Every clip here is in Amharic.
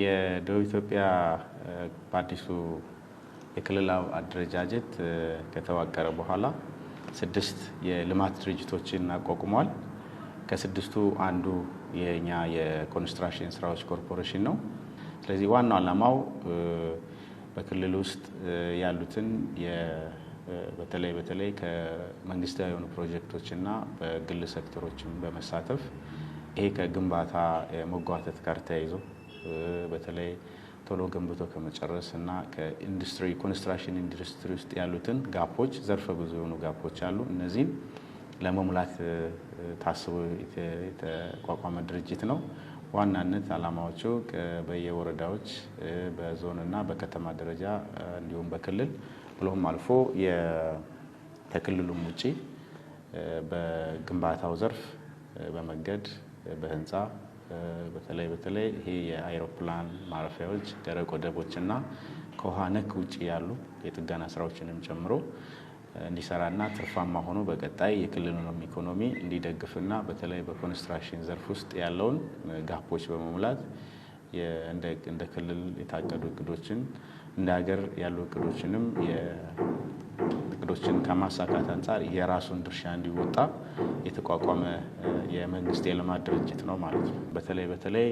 የደቡብ ኢትዮጵያ በአዲሱ የክልል አደረጃጀት ከተዋቀረ በኋላ ስድስት የልማት ድርጅቶችን አቋቁሟል። ከስድስቱ አንዱ የኛ የኮንስትራክሽን ስራዎች ኮርፖሬሽን ነው። ስለዚህ ዋናው ዓላማው በክልል ውስጥ ያሉትን በተለይ በተለይ ከመንግስታዊ የሆኑ ፕሮጀክቶችና በግል ሰክተሮችን በመሳተፍ ይሄ ከግንባታ መጓተት ጋር ተያይዞ በተለይ ቶሎ ገንብቶ ከመጨረስ እና ከኢንዱስትሪ ኮንስትራክሽን ኢንዱስትሪ ውስጥ ያሉትን ጋፖች ዘርፈ ብዙ የሆኑ ጋፖች አሉ። እነዚህም ለመሙላት ታስቦ የተቋቋመ ድርጅት ነው። ዋናነት አላማዎቹ በየወረዳዎች በዞን እና በከተማ ደረጃ እንዲሁም በክልል ብሎም አልፎ ከክልሉም ውጪ በግንባታው ዘርፍ በመገድ በህንፃ በተለይ በተለይ ይሄ የአይሮፕላን ማረፊያዎች፣ ደረቅ ወደቦች እና ከውሃ ነክ ውጭ ያሉ የጥገና ስራዎችንም ጨምሮ እንዲሰራና ትርፋማ ሆኖ በቀጣይ የክልሉንም ኢኮኖሚ እንዲደግፍና በተለይ በኮንስትራክሽን ዘርፍ ውስጥ ያለውን ጋፖች በመሙላት እንደ ክልል የታቀዱ እቅዶችን እንደ ሀገር ያሉ እቅዶችንም እቅዶችን ከማሳካት አንጻር የራሱን ድርሻ እንዲወጣ የተቋቋመ የመንግስት የልማት ድርጅት ነው ማለት ነው። በተለይ በተለይ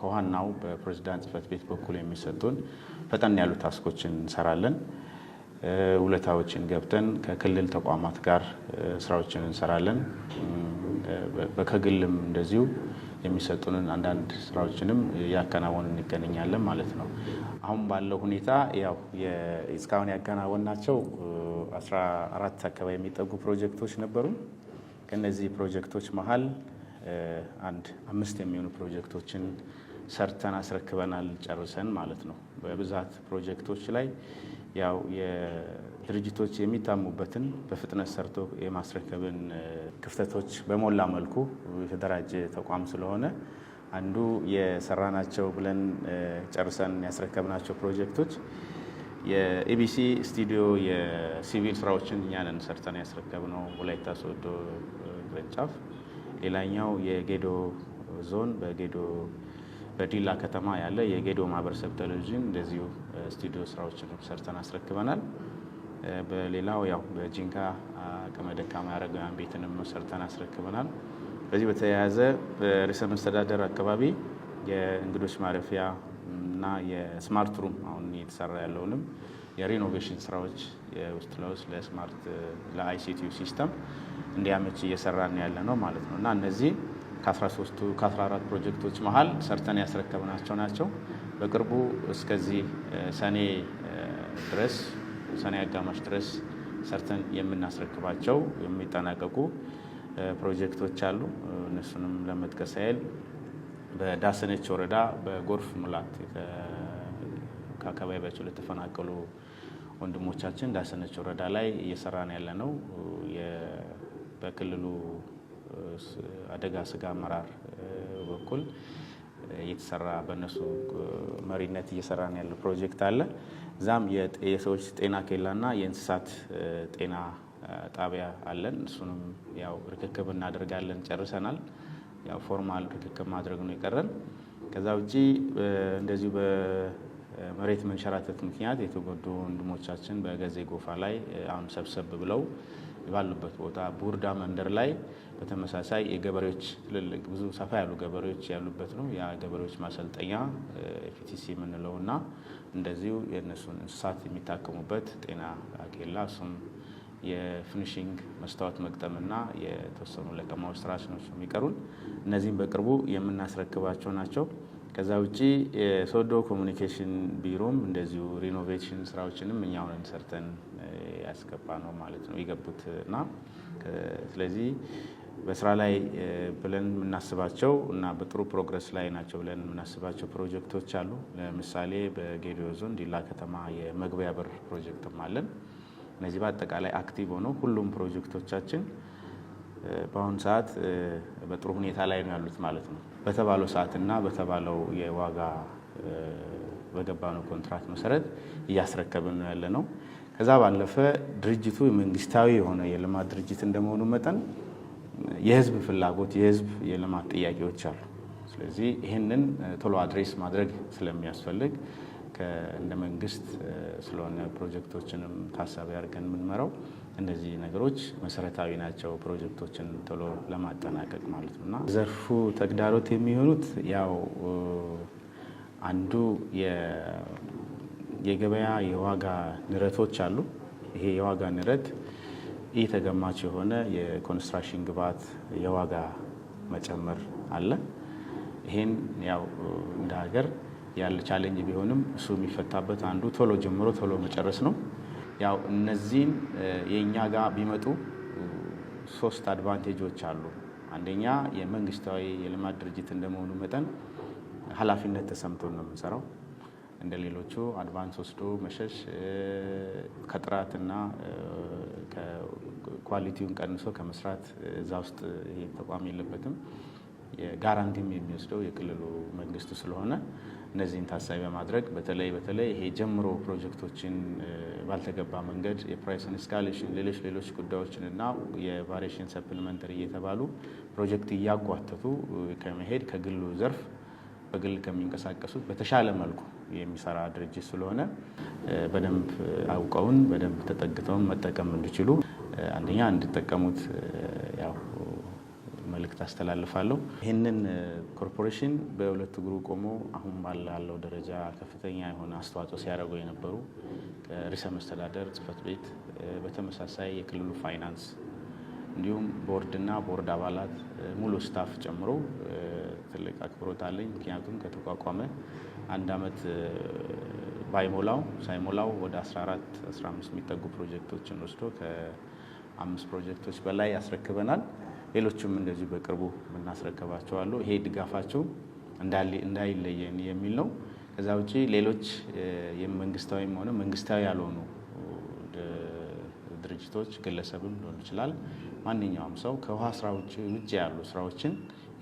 ከዋናው በፕሬዚዳንት ጽህፈት ቤት በኩል የሚሰጡን ፈጠን ያሉ ታስኮችን እንሰራለን። ውለታዎችን ገብተን ከክልል ተቋማት ጋር ስራዎችን እንሰራለን። ከግልም እንደዚሁ የሚሰጡንን አንዳንድ ስራዎችንም እያከናወን እንገናኛለን ማለት ነው። አሁን ባለው ሁኔታ ያው እስካሁን ያከናወንናቸው አስራ አራት አካባቢ የሚጠጉ ፕሮጀክቶች ነበሩ። ከነዚህ ፕሮጀክቶች መሀል አንድ አምስት የሚሆኑ ፕሮጀክቶችን ሰርተን አስረክበናል ጨርሰን ማለት ነው። በብዛት ፕሮጀክቶች ላይ ያው የድርጅቶች የሚታሙበትን በፍጥነት ሰርቶ የማስረከብን ክፍተቶች በሞላ መልኩ የተደራጀ ተቋም ስለሆነ አንዱ የሰራናቸው ብለን ጨርሰን ያስረከብናቸው ፕሮጀክቶች የኢቢሲ ስቱዲዮ የሲቪል ስራዎችን እኛንን ሰርተን ያስረከብነው ወላይታ ሶዶ ቅርንጫፍ፣ ሌላኛው የጌዶ ዞን በጌዶ በዲላ ከተማ ያለ የጌዶ ማህበረሰብ ቴሌቪዥን እንደዚሁ ስቱዲዮ ስራዎችን ሰርተን አስረክበናል። በሌላው ያው በጂንካ አቅመ ደካማ አረጋውያን ቤትንም ሰርተን አስረክበናል። በዚህ በተያያዘ በርዕሰ መስተዳደር አካባቢ የእንግዶች ማረፊያ እና የስማርት ሩም አሁን እየተሰራ ያለውንም የሪኖቬሽን ስራዎች የውስጥ ለውስጥ ለስማርት ለአይሲቲዩ ሲስተም እንዲያመች እየሰራን ያለ ነው ማለት ነው እና እነዚህ ከ13ቱ ከ14 ፕሮጀክቶች መሀል ሰርተን ያስረከብናቸው ናቸው። በቅርቡ እስከዚህ ሰኔ ድረስ ሰኔ አጋማሽ ድረስ ሰርተን የምናስረክባቸው የሚጠናቀቁ ፕሮጀክቶች አሉ። እነሱንም ለመጥቀስ ያህል በዳሰነች ወረዳ በጎርፍ ሙላት ከአካባቢያቸው ለተፈናቀሉ ወንድሞቻችን ዳሰነች ወረዳ ላይ እየሰራን ያለ ነው በክልሉ አደጋ ስጋ አመራር በኩል እየተሰራ በእነሱ መሪነት ነው ያለው ፕሮጀክት አለ። እዛም የሰዎች ጤና ኬላና የእንስሳት ጤና ጣቢያ አለን። እሱንም ያው ርክክብ እናደርጋለን፣ ጨርሰናል። ያው ፎርማል ርክክብ ማድረግ ነው የቀረን። ከዛ ውጭ እንደዚሁ በመሬት መንሸራተት ምክንያት የተጎዱ ወንድሞቻችን በገዜ ጎፋ ላይ አሁን ሰብሰብ ብለው ባሉበት ቦታ ቡርዳ መንደር ላይ በተመሳሳይ የገበሬዎች ትልልቅ ብዙ ሰፋ ያሉ ገበሬዎች ያሉበት ነው። ያ ገበሬዎች ማሰልጠኛ ኤፍቲሲ የምንለው እና እንደዚሁ የእነሱን እንስሳት የሚታከሙበት ጤና ኬላ እሱም የፊኒሽንግ መስታወት መግጠምና የተወሰኑ ለቀማዎች ስራ ነው የሚቀሩን። እነዚህም በቅርቡ የምናስረክባቸው ናቸው። ከዛ ውጭ የሶዶ ኮሚኒኬሽን ቢሮም እንደዚሁ ሪኖቬሽን ስራዎችንም እኛውን ሰርተን ያስገባ ነው ማለት ነው የገቡት እና ስለዚህ በስራ ላይ ብለን የምናስባቸው እና በጥሩ ፕሮግረስ ላይ ናቸው ብለን የምናስባቸው ፕሮጀክቶች አሉ። ለምሳሌ በጌዲዮ ዞን ዲላ ከተማ የመግቢያ በር ፕሮጀክትም አለን። እነዚህ በአጠቃላይ አክቲቭ ሆነው ሁሉም ፕሮጀክቶቻችን በአሁኑ ሰዓት በጥሩ ሁኔታ ላይ ነው ያሉት ማለት ነው። በተባለው ሰዓትና በተባለው የዋጋ በገባነው ኮንትራክት መሰረት እያስረከብን ነው ያለ ነው። ከዛ ባለፈ ድርጅቱ መንግስታዊ የሆነ የልማት ድርጅት እንደመሆኑ መጠን የህዝብ ፍላጎት የህዝብ የልማት ጥያቄዎች አሉ። ስለዚህ ይህንን ቶሎ አድሬስ ማድረግ ስለሚያስፈልግ እንደ መንግስት ስለሆነ ፕሮጀክቶችንም ታሳቢ አድርገን የምንመራው እነዚህ ነገሮች መሰረታዊ ናቸው፣ ፕሮጀክቶችን ቶሎ ለማጠናቀቅ ማለት ነው እና ዘርፉ ተግዳሮት የሚሆኑት ያው አንዱ የገበያ የዋጋ ንረቶች አሉ። ይሄ የዋጋ ንረት ይህ ተገማች የሆነ የኮንስትራክሽን ግብዓት የዋጋ መጨመር አለ። ይሄን ያው እንደ ሀገር ያለ ቻሌንጅ ቢሆንም እሱ የሚፈታበት አንዱ ቶሎ ጀምሮ ቶሎ መጨረስ ነው። ያው እነዚህን የእኛ ጋር ቢመጡ ሶስት አድቫንቴጆች አሉ። አንደኛ የመንግስታዊ የልማት ድርጅት እንደመሆኑ መጠን ኃላፊነት ተሰምቶን ነው የምንሰራው። እንደ ሌሎቹ አድቫንስ ወስዶ መሸሽ ከጥራትና ኳሊቲውን ቀንሶ ከመስራት እዛ ውስጥ ይሄ ተቋም የለበትም። ጋራንቲም የሚወስደው የክልሉ መንግስት ስለሆነ እነዚህን ታሳቢ በማድረግ በተለይ በተለይ ይሄ ጀምሮ ፕሮጀክቶችን ባልተገባ መንገድ የፕራይስን ስካሌሽን፣ ሌሎች ሌሎች ጉዳዮችን እና የቫሪሽን ሰፕሊመንተሪ እየተባሉ ፕሮጀክት እያጓተቱ ከመሄድ ከግሉ ዘርፍ በግል ከሚንቀሳቀሱት በተሻለ መልኩ የሚሰራ ድርጅት ስለሆነ በደንብ አውቀውን በደንብ ተጠግተውን መጠቀም እንዲችሉ አንደኛ እንዲጠቀሙት ያው መልእክት አስተላልፋለሁ። ይህንን ኮርፖሬሽን በሁለት እግሩ ቆሞ አሁን ባላለው ደረጃ ከፍተኛ የሆነ አስተዋጽኦ ሲያደርጉ የነበሩ ከሪሰ መስተዳደር ጽህፈት ቤት በተመሳሳይ የክልሉ ፋይናንስ እንዲሁም ቦርድና ቦርድ አባላት ሙሉ ስታፍ ጨምሮ ትልቅ አክብሮት አለኝ። ምክንያቱም ከተቋቋመ አንድ ዓመት ባይሞላው ሳይሞላው ወደ 14 15 የሚጠጉ ፕሮጀክቶችን ወስዶ ከአምስት ፕሮጀክቶች በላይ ያስረክበናል። ሌሎችም እንደዚሁ በቅርቡ የምናስረከባቸው ይሄ ድጋፋቸው እንዳይለየን የሚል ነው። ከዛ ውጪ ሌሎች መንግስታዊም ሆነ መንግስታዊ ያልሆኑ ድርጅቶች፣ ግለሰብም ሊሆን ይችላል። ማንኛውም ሰው ከውሃ ስራ ውጭ ያሉ ስራዎችን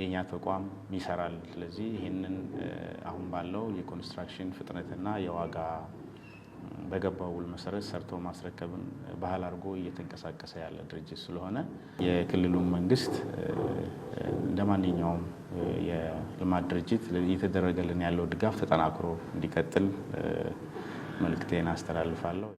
የእኛ ተቋም ይሰራል። ስለዚህ ይህንን አሁን ባለው የኮንስትራክሽን ፍጥነትና የዋጋ በገባው ውል መሰረት ሰርቶ ማስረከብን ባህል አድርጎ እየተንቀሳቀሰ ያለ ድርጅት ስለሆነ የክልሉ መንግስት እንደ ማንኛውም የልማት ድርጅት እየተደረገልን ያለው ድጋፍ ተጠናክሮ እንዲቀጥል መልእክቴን አስተላልፋለሁ።